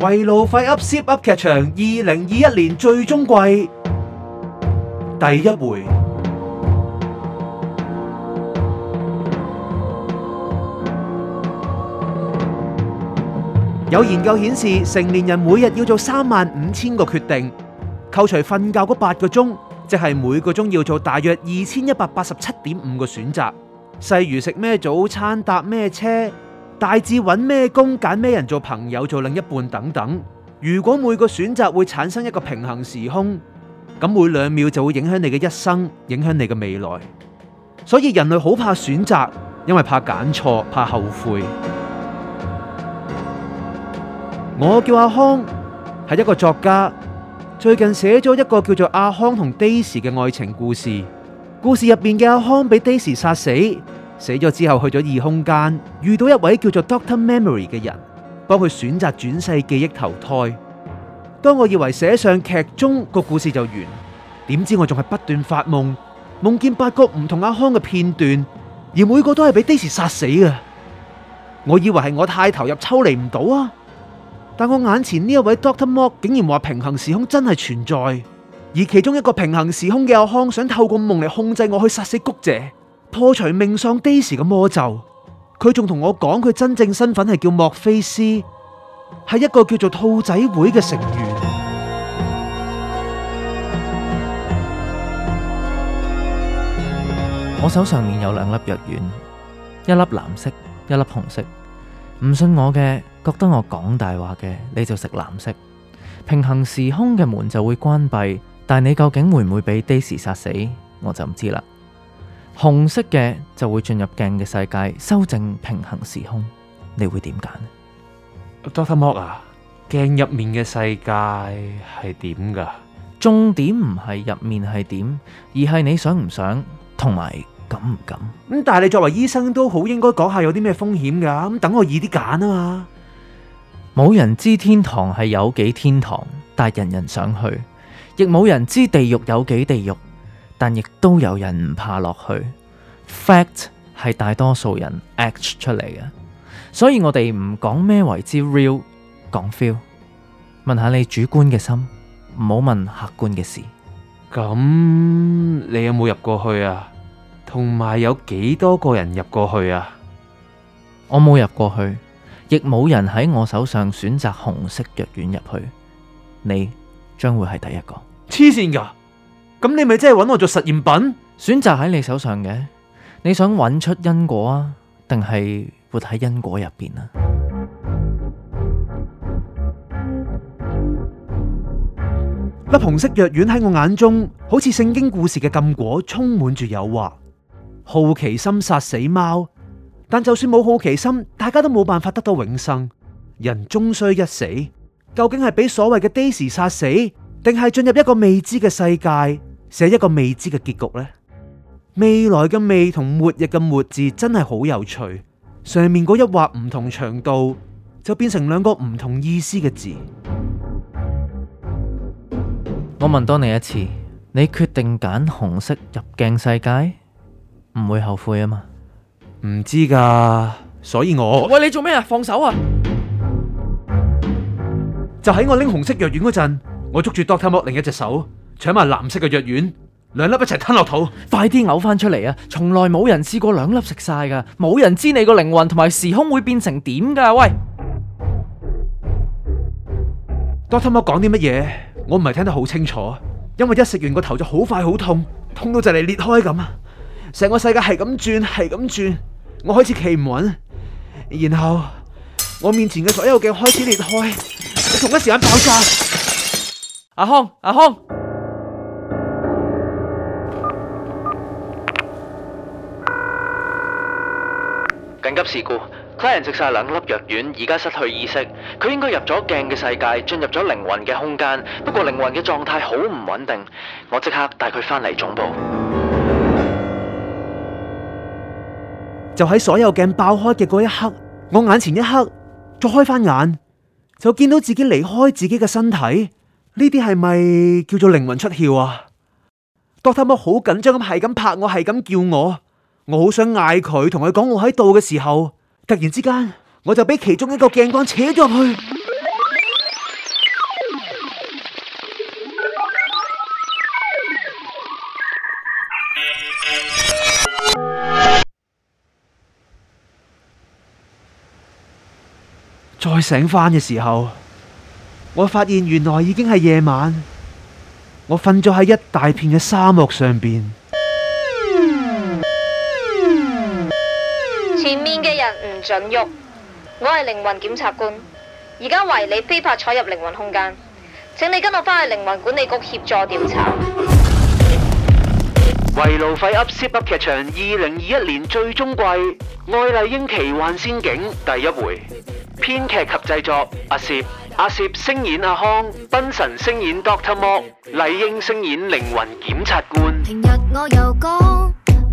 圍爐廢 up，Zip 噏劇場二零二一年最終季第一回。有研究顯示，成年人每日要做三萬五千個決定，扣除瞓覺嗰八個鐘，即係每個鐘要做大約二千一百八十七點五個選擇，例如食咩早餐、搭咩車。大致揾咩工，揀咩人做朋友，做另一半等等。如果每個選擇會產生一個平行時空，咁每兩秒就會影響你嘅一生，影響你嘅未來。所以人類好怕選擇，因為怕揀錯，怕後悔。我叫阿匡，係一個作家，最近寫咗一個叫做《阿匡同 Daisy》嘅愛情故事。故事入邊嘅阿匡被 Daisy 殺死。死咗之後去咗異空間，遇到一位叫做 Doctor Memory 嘅人，幫佢選擇轉世記憶投胎。當我以為寫上劇中個故事就完，點知我仲係不斷發夢，夢見八個唔同阿康嘅片段，而每個都係俾 Daisy 殺死嘅。我以為係我太投入抽離唔到啊，但我眼前呢一位 Doctor Mark 竟然話平行時空真係存在，而其中一個平行時空嘅阿康想透過夢嚟控制我去殺死谷姐。.破除命喪 Daisy 嘅魔咒，佢仲同我講佢真正身份係叫莫菲斯，係一個叫做兔仔會嘅成員 我手上面有兩粒藥丸，一粒藍色，一粒紅色。唔信我嘅，覺得我講大話嘅，你就食藍色，平行時空嘅門就會關閉。但你究竟會唔會被 Daisy 殺死，我就唔知啦。紅色嘅就會進入鏡嘅世界，修正平衡時空。你會點揀？Doctor Mark 啊，鏡入面嘅世界係點噶？重點唔係入面係點，而係你想唔想同埋敢唔敢。咁但係你作為醫生都好應該講下有啲咩風險噶。咁等我易啲揀啊嘛。冇人知天堂係有幾天堂，但係人人想去；亦冇人知地獄有幾地獄。但亦都有人唔怕落去，fact 係大多數人 act 出嚟嘅，所以我哋唔講咩為之 real，講 feel，問下你主觀嘅心，唔好問客觀嘅事。咁你有冇入過去啊？同埋有幾多個人入過去啊？我冇入過去，亦冇人喺我手上選擇紅色藥丸入去，你將會係第一個。黐線噶！咁你咪即係揾我做實驗品？選擇喺你手上嘅，你想揾出因果啊，定係活喺因果入邊啊？粒紅色藥丸喺我眼中，好似聖經故事嘅禁果，充滿住誘惑。好奇心殺死貓，但就算冇好奇心，大家都冇辦法得到永生。人終須一死，究竟係俾所謂嘅 death 殺死，定係進入一個未知嘅世界？寫一個未知嘅結局呢，未來嘅未同末日嘅末字真係好有趣。上面嗰一畫唔同長度，就變成兩個唔同意思嘅字。我問多你一次，你決定揀紅色入鏡世界，唔會後悔啊嘛？唔知㗎，所以我喂，你做咩啊？放手啊！就喺我拎紅色藥丸嗰陣，我捉住 Doctor 莫另一隻手。搶埋藍色嘅藥丸，兩粒一齊吞落肚。快啲嘔翻出嚟啊！從來冇人試過兩粒食晒噶，冇人知你個靈魂同埋時空會變成點噶。喂，Doctor，我講啲乜嘢？我唔係聽得好清楚，因為一食完個頭就好快好痛，痛到就嚟裂開咁啊！成個世界係咁轉，係咁轉，我開始企唔穩，然後我面前嘅所有鏡開始裂開，同一時間爆炸。阿匡，阿匡。事故，client 食晒兩粒藥丸，而家失去意識，佢應該入咗鏡嘅世界，進入咗靈魂嘅空間。不過靈魂嘅狀態好唔穩定，我即刻帶佢返嚟總部。就喺所有鏡爆開嘅嗰一刻，我眼前一黑，再開翻眼，就見到自己離開自己嘅身體。呢啲係咪叫做靈魂出竅啊？doctor Moore 好緊張咁係咁拍我，係咁叫我。我好想嗌佢，同佢講我喺度嘅時候，突然之間我就俾其中一個鏡光扯咗入去。 再醒返嘅時候，我發現原來已經係夜晚，我瞓咗喺一大片嘅沙漠上邊。唔准喐！我係靈魂檢察官，而家懷疑你非法闖入靈魂空間，請你跟我返去靈魂管理局協助調查。圍爐廢噏 Zip 噏劇場二零二一年最終季《愛麗英奇幻仙境》第一回，編劇及製作阿攝阿攝，聲演阿匡，賓神聲演 Doctor Mo，麗英聲演靈魂檢察官。